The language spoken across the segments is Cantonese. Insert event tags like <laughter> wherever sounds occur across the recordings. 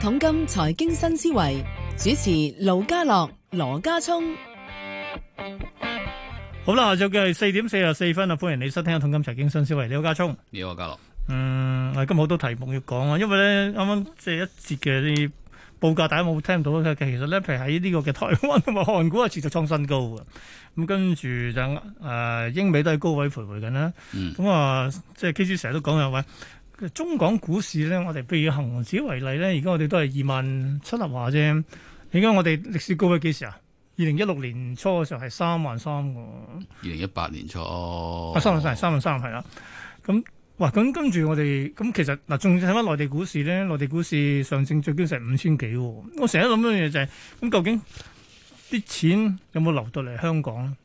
統金財經新思維主持盧家樂羅家聰，好啦，下晝嘅係四點四十四分啊！歡迎你收聽《統金財經新思維》，你好家聰，你好家樂。嗯，今日好多題目要講啊！因為咧，啱啱即係一節嘅啲報價，大家冇聽到。其實咧，譬如喺呢個嘅台灣同埋韓股啊，持續創新高嘅。咁跟住就誒、呃，英美都係高位徘徊緊啦。咁啊、嗯，即係 K C 成日都講有喂。嗯中港股市咧，我哋譬如以恒指為例咧，而家我哋都係二萬七立華啫。而家我哋歷史高咗幾時啊？二零一六年初嘅時候係三萬三喎。二零一八年初。三三三三三三啊，三萬三三萬三係啦。咁哇，咁跟住我哋咁其實嗱，仲要睇翻內地股市咧，內地股市上證最高成五千幾。我成日諗一樣嘢就係、是，咁究竟啲錢有冇流到嚟香港，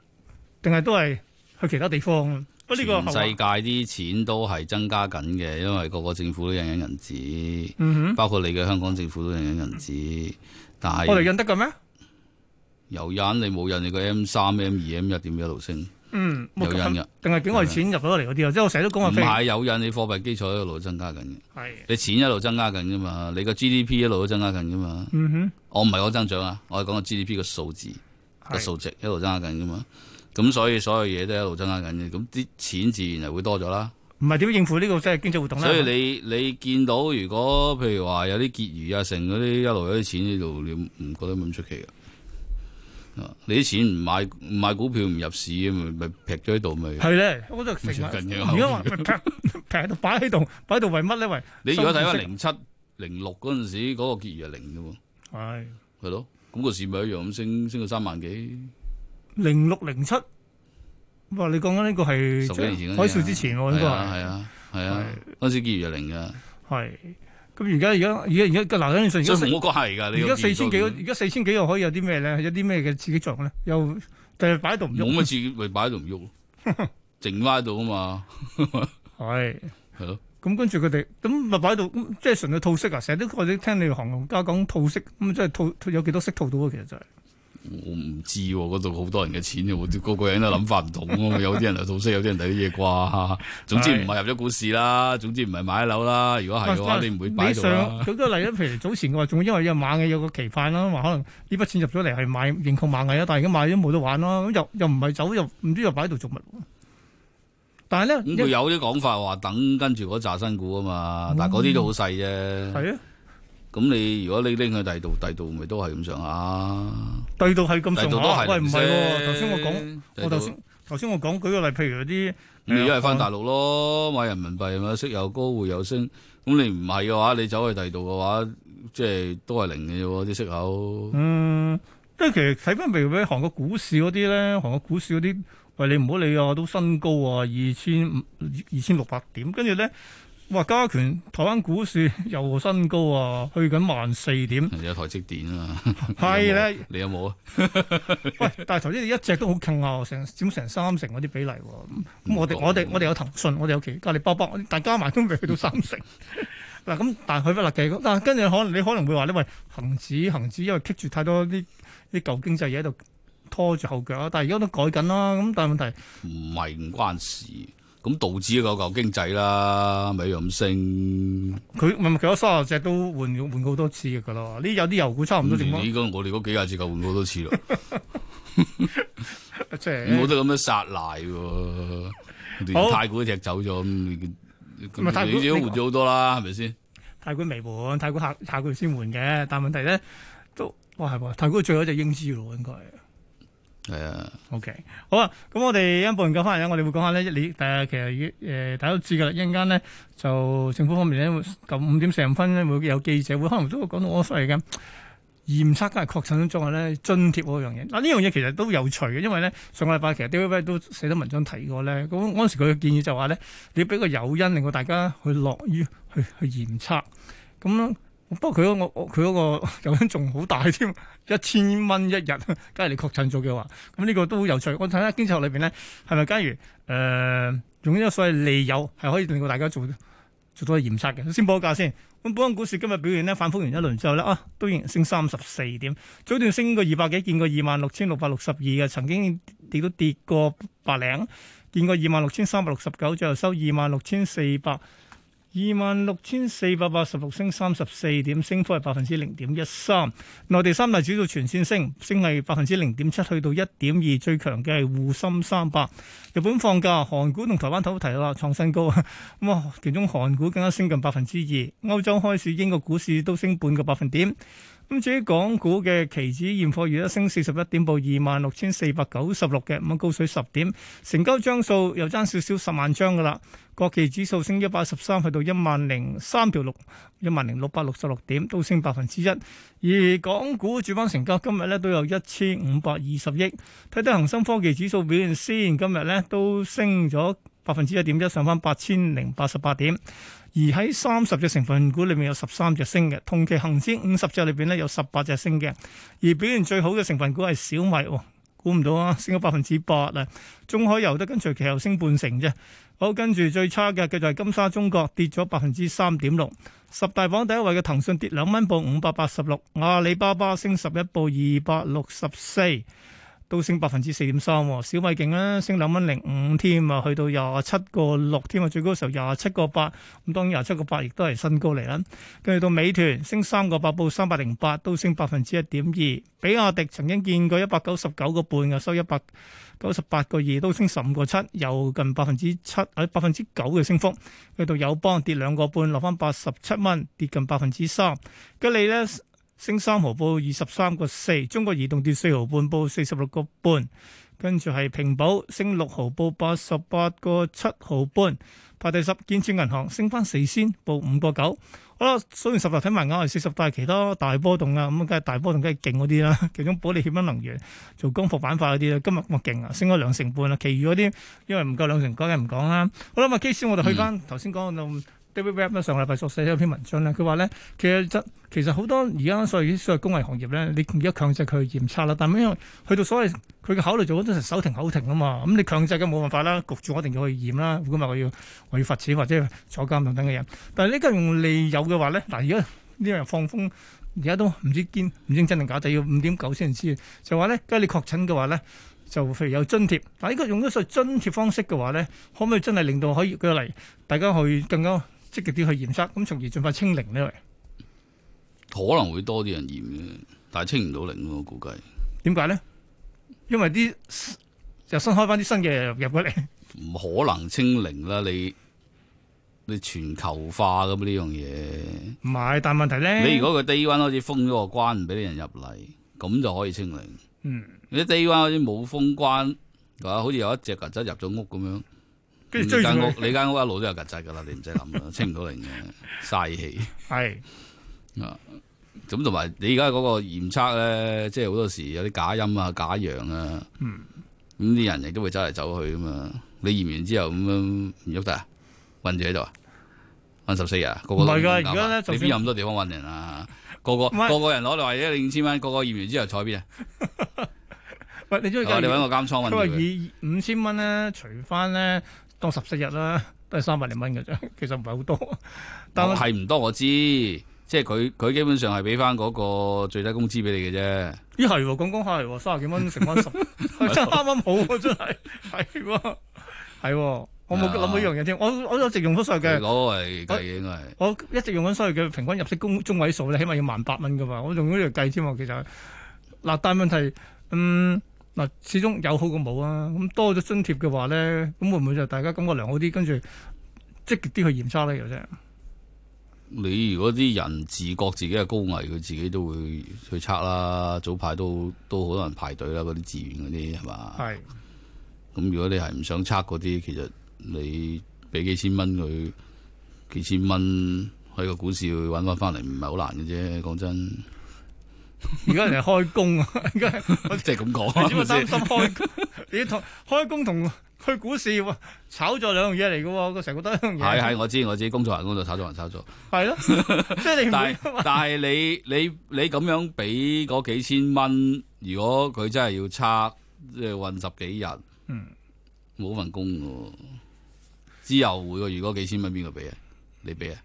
定係都係去其他地方？全世界啲錢都係增加緊嘅，因為個個政府都印緊銀紙，嗯、哼包括你嘅香港政府都印緊銀紙。嗯、但係是我哋印得嘅咩？有印你冇印你個 M 三、M 二、M 一點一路升，嗯有印嘅，定係境外錢入咗嚟嗰啲，即係我成日都講話唔係有印，你貨幣基礎一路增加緊嘅，係的你錢一路增加緊噶嘛？你個 GDP 一路都增加緊噶嘛？嗯、哼我唔係我增長啊，我係講個 GDP 個數字個數的值一路增加緊噶嘛？咁所以所有嘢都一路增加緊嘅，咁啲錢自然又會多咗啦。唔係點應付呢個即係經濟活動咧？所以你你見到如果譬如話有啲結餘啊，剩嗰啲一路有啲錢喺度，你唔覺得咁出奇嘅、啊？你啲錢唔買唔買股票唔入市啊，咪劈咗喺度咪？係咧，嗰度成日而家劈喺度擺喺度，擺喺度為乜咧？為你如果睇翻零七零六嗰陣時，嗰個結餘係零嘅喎，係係咯，咁個市咪一樣咁升升到三萬幾？零六零七，哇！你講緊呢個係十幾年前嗰陣，海嘯之前喎、啊，應該係啊，係啊，嗰時幾乎零㗎。係咁而家而家而家而家嗱，有一件係紅谷而家四千幾，而家四千幾又可以有啲咩咧？有啲咩嘅刺激作用咧？又第日擺喺度唔喐，咁自字咪擺喺度唔喐，靜埋喺度啊嘛。係係咯，咁跟住佢哋咁咪擺度，即係純嘅套息啊！成日都我哋聽你行家講套息，咁即係套有幾多息套到啊？其實就係、是。我唔知，嗰度好多人嘅錢，我啲個個人都諗法唔同啊是的！ <laughs> 有啲人嚟套息，有啲人睇啲嘢啩。總之唔係入咗股市啦，總之唔係買樓啦。如果係嘅話你，你唔會擺度啦。你上舉、嗰個例譬如早前嘅話，仲因為有螞蟻有個期盼啦，話可能呢筆錢入咗嚟係買認購螞蟻啊，但係而家買咗冇得玩啦，又又唔係走，又唔知又擺喺度做乜？但係咧，佢、嗯、一有啲講法話等跟住嗰扎新股啊嘛，但係嗰啲都好細啫。係啊、嗯。咁你如果你拎去第二度，第二度咪都係咁上下。第二度係咁上下，喂唔係喎，頭先我講，道我頭先頭先我講，舉個例，譬如啲，你一係翻大陸咯，買人民幣咪息又高匯又升。咁你唔係嘅話，你走去第二度嘅話，即係都係零嘅啫喎，啲息口。嗯，即係其實睇翻譬如咧，韓國股市嗰啲咧，韓國股市嗰啲，喂，你唔好理啊，都新高啊，二千五、二千六百點，跟住咧。哇！加權台灣股市又新高啊，去緊萬四點，有台積電啊，係咧 <laughs> 的，你有冇啊？ <laughs> 喂，但係頭先一隻都好勁啊，成佔成三成嗰啲比例喎、啊。咁、嗯嗯、我哋、嗯、我哋我哋有騰訊，我哋有其格力、巴巴，但加埋都未去到三成。嗱 <laughs> 咁， <laughs> <laughs> <laughs> 但係佢不立地，但係跟住可能你可能會話咧，喂，恒指恒指因為棘住太多啲啲舊經濟嘢喺度拖住後腳啊，但係而家都在改緊啦。咁但係問題唔係唔關事。咁導致嗰嚿經濟啦，咪咁升。佢唔咪，唔係，其他三十隻都換換過好多次嘅咯。啲有啲油股差唔多點講？你、嗯這個、我哋嗰幾廿隻夠換好多次咯，即係 <laughs> <laughs> 呢。冇得咁樣殺賴喎，太古隻走咗。唔你太都換咗好多啦，係咪先？太古未換，太古下太古先換嘅，但問題咧都哇係，太古最後隻英資咯，應該。係啊 Yeah.，OK，好啊，咁、嗯、我哋一半日夠翻嚟咧，我哋會講下呢，你但係其實誒，大家都知噶啦，一陣間呢，就政府方面呢，咁五點四十分呢，會有記者會，可能都會講到我所謂嘅驗測同埋確診嘅狀況呢，津貼嗰樣嘢。嗱呢樣嘢其實都有趣嘅，因為呢，上個禮拜其實 TVB 都寫咗文章提過呢。咁嗰陣時佢嘅建議就話呢，你俾個誘因令到大家去樂於去去驗測，咁。嗯不過佢嗰個佢嗰個誘因仲好大添，一千蚊一日，梗係你確診做嘅話，咁呢個都好有趣。我睇下經濟學裏邊咧，係咪假如誒用呢個所謂利誘，係可以令到大家做做到一驗測嘅？先報個價先。咁本港股市今日表現咧反覆完一輪之後咧啊，都仍然升三十四點，早段升過二百幾，見過二萬六千六百六十二嘅，曾經跌都跌過百零，見過二萬六千三百六十九，最後收二萬六千四百。二萬六千四百八十六升三十四點，升幅係百分之零點一三。內地三大指數全線升，升係百分之零點七去到一點二，最強嘅係滬深三百。日本放假，韓股同台灣都好提啦，創新高。咁、嗯、啊，其中韓股更加升近百分之二。歐洲開市，英國股市都升半個百分點。咁，至於港股嘅期指現貨月一升四十一點26，報二萬六千四百九十六嘅，咁高水十點，成交張數又爭少少十萬張噶啦。國企指數升一百一十三，去到一萬零三百六，一萬零三百六十六點，都升百分之一。而港股主板成交今日咧都有一千五百二十億。睇睇恒生科技指數表現先，今日咧都升咗百分之一點一，上返八千零八十八點。而喺三十隻成分股裏面有十三隻升嘅，同期恒指五十隻裏邊咧有十八隻升嘅，而表現最好嘅成分股係小米喎，估唔到啊，升咗百分之八啊，中海油得跟隨其後升半成啫。好，跟住最差嘅就係金沙中國跌咗百分之三點六，十大榜第一位嘅騰訊跌兩蚊，報五百八十六，阿里巴巴升十一，報二百六十四。都升百分之四點三，小米勁啊，升兩蚊零五添啊，去到廿七個六添啊，最高時候廿七個八，咁當然廿七個八亦都係新高嚟啦。跟住到美團升三個八報三百零八，都升百分之一點二。比亞迪曾經見過一百九十九個半嘅，收一百九十八個二，都升十五個七，有近百分之七有百分之九嘅升幅。去到友邦跌兩個半，落翻八十七蚊，跌近百分之三。吉利咧。升三毫報，二十三個四；中國移動跌四毫半，報四十六個半。跟住係平保升六毫，報毫報，報八十八個七毫半，排第十銀。建設銀行升翻四仙，報五個九。好啦，數完十六睇埋，我係四十大其他大波動啊。咁梗係，大波動梗係勁嗰啲啦。其中保利、協鑫能源做光伏板塊嗰啲咧，今日咁啊勁啊，升咗兩成半啦。其餘嗰啲因為唔夠兩成，我梗係唔講啦。好啦，咁啊，基先我哋去翻頭先講。上個禮拜作寫咗篇文章咧，佢話咧其實其實好多而家所以所謂工藝行業咧，你而家強制佢去驗測啦，但係因為去到所謂佢嘅考慮就都係手停口停啊嘛，咁、嗯、你強制嘅冇辦法啦，焗住我一定要去驗啦，咁日我要我要罰錢或者坐監等等嘅嘢。但係呢個用利誘嘅話咧，嗱，而家呢樣放風，而家都唔知堅唔知真定假，就要五點九先知，就呢話咧，梗係你確診嘅話咧，就譬如有津貼，但係呢個用咗所謂津貼方式嘅話咧，可唔可以真係令到可以佢嚟大家去更加？積極啲去驗測，咁從而盡快清零呢？可能會多啲人驗嘅，但係清唔到零咯，我估計。點解咧？因為啲又開新開翻啲新嘅入入嚟，唔可能清零啦！你你全球化咁呢樣嘢，唔係，但係問題咧，你如果個低溫好似封咗個關，唔俾啲人入嚟，咁就可以清零。嗯，你低溫好似冇封關，係好似有一隻曱甴入咗屋咁樣。間屋你間屋，屋一路都有曱甴噶啦，你唔使諗啦，清唔到嚟嘅，嘥氣。 <laughs> 係啊是，咁同埋你而家嗰個驗測咧，即係好多時有啲假陰啊、假陽啊。咁啲、嗯嗯、人亦都會走嚟走去噶嘛。你驗完之後咁、嗯嗯、樣唔喐得，韞住喺度啊？韞十四日啊，個個都而家你邊有咁多地方韞人啊？個個是個個人攞嚟或者你五千蚊，個個驗完之後坐邊啊？ <laughs> 唔係你將佢，你揾個監倉問佢。以五千蚊咧，除翻咧當十四日啦，都係三百零蚊嘅啫。其實唔係好多。但係唔、哦、多我知，即係佢佢基本上係俾翻嗰個最低工資俾你嘅啫。咦係，講講係三十幾蚊成翻十， <laughs> <laughs> 真係啱啱好，真係係喎，係喎，我冇諗過嗰樣嘢添。啊、我我一直用咗上嘅攞嚟計應該係。我一直用緊上嘅平均入息工中位數咧，起碼要萬八蚊嘅嘛。我用呢度計添啊，其實嗱，但係問題嗯。嗱，始終有好過冇啊！咁多咗津貼嘅話咧，咁會唔會就大家感覺良好啲，跟住積極啲去驗測呢？又啫？你如果啲人自覺自己係高危，佢自己都會去測啦。早排都都好多人排隊啦，嗰啲自願嗰啲係嘛？係。咁是如果你係唔想測嗰啲，其實你俾幾千蚊佢，幾千蚊喺個股市去揾翻翻嚟，唔係好難嘅啫。講真。而家人哋開工啊！即係咁講，你點擔心開工。你同 <laughs> 開工同去股市炒作兩樣嘢嚟嘅，我成日覺得一樣嘢。係係我知我知，工作人工作，炒作人炒作，係咯。即係你但係你但你你咁樣俾嗰幾千蚊，如果佢真係要差，即係運十幾日，冇份、嗯、工嘅，之後會個如果幾千蚊邊個俾啊？你俾啊？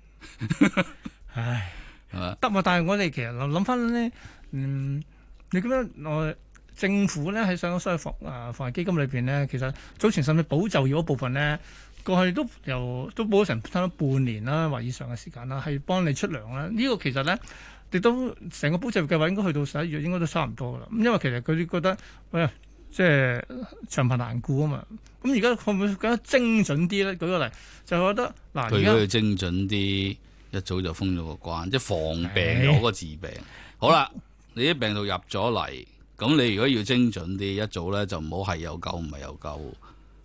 唉，係得嘛？但係我哋其實諗諗翻咧。嗯，你咁樣我政府咧喺上個所謂防啊防疫基金裏邊咧，其實早前甚至保就業嗰部分咧，過去都由都補咗成差唔多半年啦或以上嘅時間啦，係幫你出糧啦。呢個其實咧，亦都成個保就業計劃應該去到十一月應該都差唔多啦。咁因為其實佢哋覺得，喂、哎，即係長貧難顧啊嘛。咁而家會唔會更加精準啲咧？舉個例就覺得嗱，佢如果佢精準啲在，一早就封咗個關，即係防病攞個治病。的好啦。好你啲病毒入咗嚟，咁你如果要精準啲，一早咧就唔好係有救，唔係有救，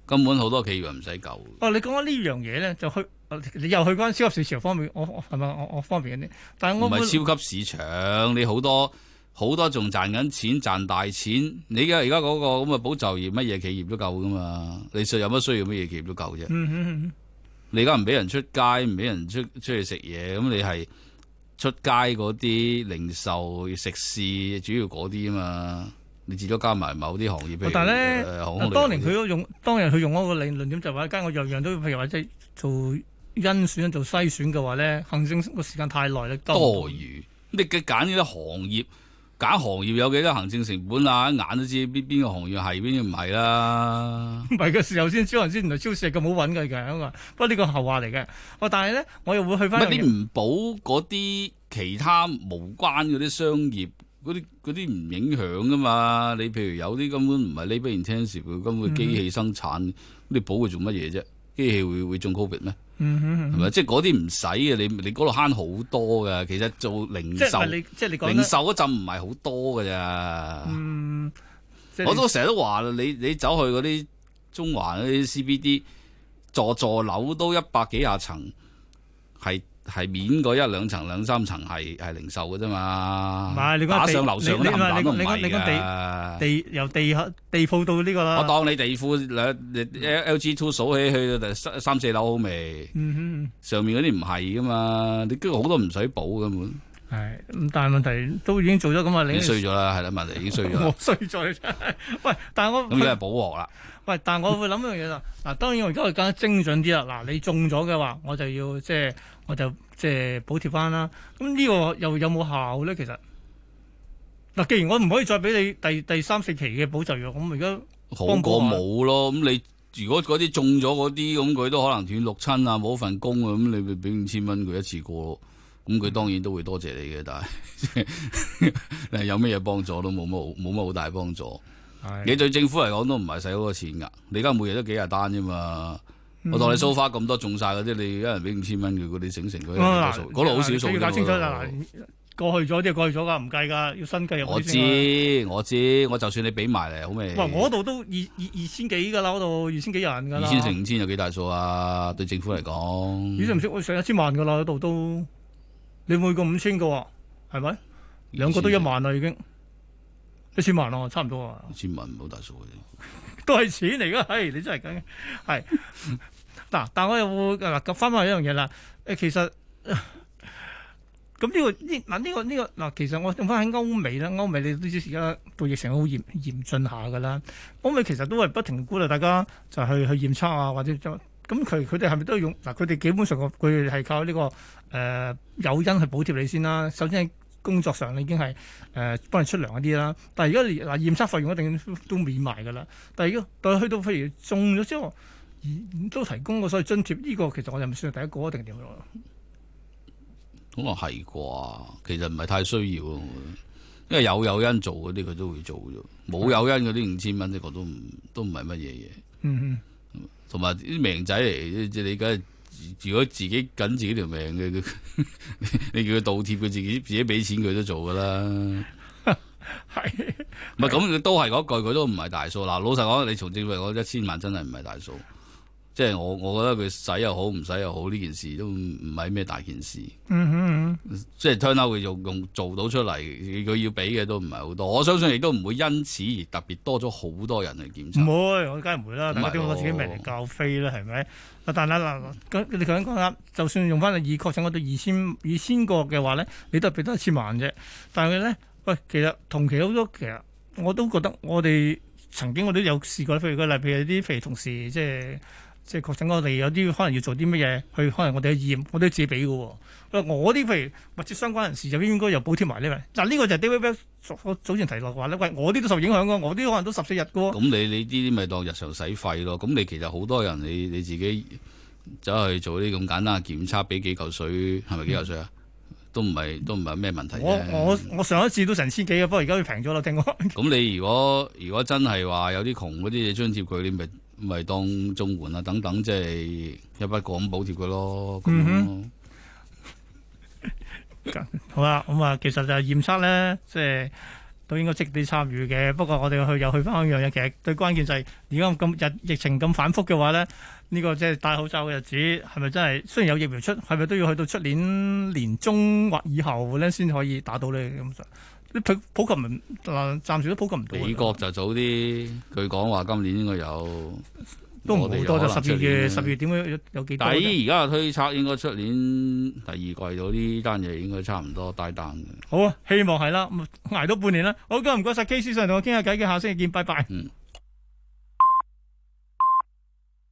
根本好多企業唔使救。哦，你講緊呢樣嘢咧，就去你又去返超級市場方面，我係咪我我，我，我方便一啲？但係我唔係超級市場，你好多好多仲賺緊錢賺大錢，你而家而家嗰個咁嘅保就業，乜嘢企業都夠㗎嘛？你實有乜需要，乜嘢企業都夠啫。嗯嗯嗯、你而家唔俾人出街，唔俾人出出去食嘢，咁你係。出街嗰啲零售食肆，主要嗰啲啊嘛，你至多加埋某啲行業畀。但係咧、呃，當年佢都用，當年佢用嗰個理論點就係話，一間我樣樣都，譬如話即係做甄選、做篩選嘅話咧，行政個時間太耐咧，多，多，多餘。你嘅揀呢啲行業。假行業有幾多行政成本啊？一眼都知邊邊個行業係、啊，邊啲唔係啦。唔係嘅時候先，超人先原來超市咁好揾佢咁啊，不過呢個後話嚟嘅。喂、哦，但係咧，我又會去翻。唔你唔保嗰啲其他無關嗰啲商業嗰啲啲唔影響噶嘛？你譬如有啲根本唔係 labor intensive，佢根本機器生產，嗯、你保佢做乜嘢啫？機器會會中 COVID 咩？嗯哼，係咪 <noise> 即係嗰啲唔使嘅，你你嗰度慳好多噶。其實做零售，即係你零售嗰陣唔係好多噶咋。我都成日都話你你走去嗰啲中環嗰啲 CBD 座座樓都一百幾廿層係。係面嗰一兩層，兩三層係係零售嘅啫嘛，唔係你個地，上樓你你你個地地由地下地鋪到呢個啦。我當你地庫 L G Two 數起去三四樓好未？上面嗰啲唔係噶嘛，你跟好多唔使補嘅嘛。係，咁但係問題都已經做咗咁啊，你衰咗啦，係啦，問題已經衰咗。 <laughs> 我衰咗啫，喂！但係我咁而家係補鑊啦。喂！但係我會諗一樣嘢啦。嗱， <laughs> 當然我而家會更加精準啲啦。嗱， <laughs> 你中咗嘅話，我就要即係，我就即係補貼翻啦。咁呢、就是、個又有冇效咧？其實嗱，既然我唔可以再俾你第第三四期嘅補助藥，咁而家好過冇咯？咁你如果嗰啲中咗嗰啲，咁佢都可能斷六親啊，冇份工啊，咁你咪俾五千蚊佢一次過咯。咁佢、嗯、當然都會多謝，謝你嘅，但係 <laughs> 有咩嘢幫助都冇乜冇乜好大幫助。的你對政府嚟講都唔係使好多錢㗎。你而家每日都幾廿單啫嘛。我當你 so far 咁多，中晒嗰啲，你一人俾五千蚊嘅，嗰啲整成嗰嗰度好少數㗎啦。要要搞清楚啦，過去咗即係過去咗㗎，唔計㗎，要新計我知我知，我知，我就算你俾埋嚟，好咩？我度都二二千幾㗎啦，嗰度二千幾人㗎。二千成五千有幾大數啊？對政府嚟講，咦？唔識我上一千萬㗎啦，嗰度都。你每個五千個，係咪兩個都一萬啦？已經一千萬啦，差唔多啊！一千萬唔好大數 <laughs> 都係錢嚟噶。係你真係咁係嗱，但係我又會嗱翻翻一樣嘢啦。誒、啊，其實咁呢、啊呢個呢嗱呢個呢個嗱，其實我用翻喺歐美啦，歐美你都知而家到疫情好嚴嚴峻下噶啦，歐美其實都係不停鼓勵大家就去去驗測啊，或者就。咁佢佢哋係咪都用嗱？佢哋基本上佢哋係靠呢、這個誒、呃、誘因去補貼你先啦。首先喺工作上已經係誒、呃、幫你出糧一啲啦。但係如果驗嗱驗測費用一定都免埋㗎啦。第二個到去到譬如中咗之後，都提供過所謂津貼呢、這個，其實我就唔算係第一個，定點樣？可能係啩？其實唔係太需要，因為有誘因做嗰啲佢都會做咗；冇誘因嗰啲五千蚊呢個都唔都唔係乜嘢嘢。嗯嗯。同埋啲命仔嚟，即你梗係，如果自己緊自己條命嘅， <laughs> 你叫佢倒貼佢自己，自己俾錢佢都做噶啦。係 <laughs> 不，唔係咁都係嗰句，佢都唔係大數。嗱，老實講，你從政為嗰一千萬真係唔係大數。即係我，我覺得佢使又好，唔使又好，呢件事都唔係咩大件事。嗯哼即係 turn out 佢用用做到出嚟，佢要俾嘅都唔係好多。我相信亦都唔會因此而特別多咗好多人去檢測。唔會，我梗唔會啦。唔係我，我自己命嚟教飛啦，係咪啊？但係嗱，咁，啊，你頭先講下，就算用翻係二確診嗰度二千二千個嘅話咧，你都係俾得一千萬啫。但係咧，喂，其實同期好多，其實我都覺得我哋曾經我都有試過，譬如個例譬如啲肥同事即係。即係確診我，我哋有啲可能要做啲乜嘢，去可能我哋嘅驗，我都要自己俾嘅。我啲譬如或者相關人士就應該又補貼埋呢位？嗱，呢個就係 David 早前提落話咧，喂，我啲都受影響嘅，我啲可能都十四日嘅。咁你你呢啲咪當日常使費咯？咁你其實好多人，你你自己走去做啲咁簡單嘅檢測，俾幾嚿水係咪幾嚿水啊、嗯？都唔係都唔係咩問題。我我，我上一次都成千幾啊，不過而家佢平咗啦，聽講。咁你如果如果真係話有啲窮嗰啲嘢，津貼佢你咪？咪當綜援啊，等等，即係有筆個咁補貼佢咯。嗯， <laughs> <laughs> 好啦，咁啊，其實就係驗測咧，即係都應該積極參與嘅。不過我哋去又去翻一樣嘢，其實最關鍵就係、是、如果咁日疫情咁反覆嘅話咧，呢、這個即係戴口罩嘅日子係咪真係？雖然有疫苗出，係咪都要去到出年年中或以後咧，先可以打到你？咁就？普及唔嗱？暫時都普及唔到。美國就早啲，佢講話今年應該有。都唔會多，就十二月、十二點嘅有幾大姨而家嘅推測應該出年第二季到呢單嘢應該差唔多大單嘅。好啊，希望係啦，捱多半年啦。好嘅，今日唔該晒 K 先生同我傾下偈，嘅下星期見，拜拜。